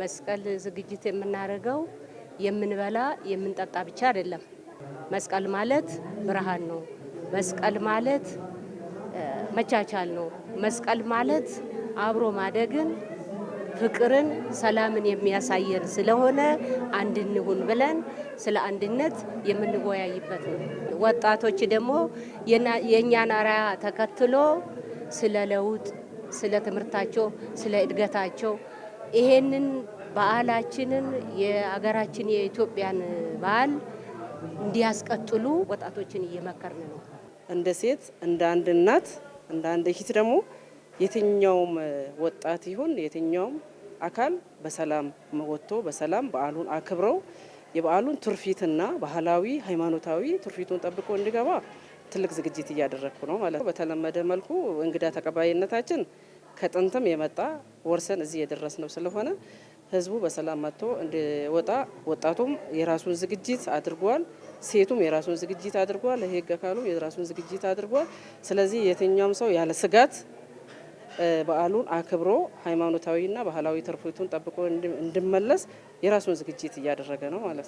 መስቀል ዝግጅት የምናደርገው የምንበላ የምንጠጣ ብቻ አይደለም። መስቀል ማለት ብርሃን ነው። መስቀል ማለት መቻቻል ነው። መስቀል ማለት አብሮ ማደግን፣ ፍቅርን፣ ሰላምን የሚያሳየን ስለሆነ አንድ እንሁን ብለን ስለ አንድነት የምንወያይበት ነው። ወጣቶች ደግሞ የእኛን አርአያ ተከትሎ ስለ ለውጥ፣ ስለ ትምህርታቸው፣ ስለ እድገታቸው ይሄንን በዓላችንን የአገራችን የኢትዮጵያን በዓል እንዲያስቀጥሉ ወጣቶችን እየመከርን ነው። እንደ ሴት እንደ አንድ እናት እንደ አንድ ሂት ደግሞ የትኛውም ወጣት ይሁን የትኛውም አካል በሰላም ወጥቶ በሰላም በዓሉን አክብረው የበዓሉን ትርፊትና ባህላዊ ሃይማኖታዊ ትርፊቱን ጠብቆ እንዲገባ ትልቅ ዝግጅት እያደረግኩ ነው ማለት ነው። በተለመደ መልኩ እንግዳ ተቀባይነታችን ከጥንትም የመጣ ወርሰን እዚህ የደረስ ነው ስለሆነ ህዝቡ በሰላም መጥቶ እንዲወጣ ወጣቱም የራሱን ዝግጅት አድርጓል። ሴቱም የራሱን ዝግጅት አድርጓል። ህግ አካሉ የራሱን ዝግጅት አድርጓል። ስለዚህ የትኛውም ሰው ያለ ስጋት በዓሉን አክብሮ ሃይማኖታዊና ባህላዊ ትርፊቱን ጠብቆ እንድመለስ የራሱን ዝግጅት እያደረገ ነው ማለት ነው።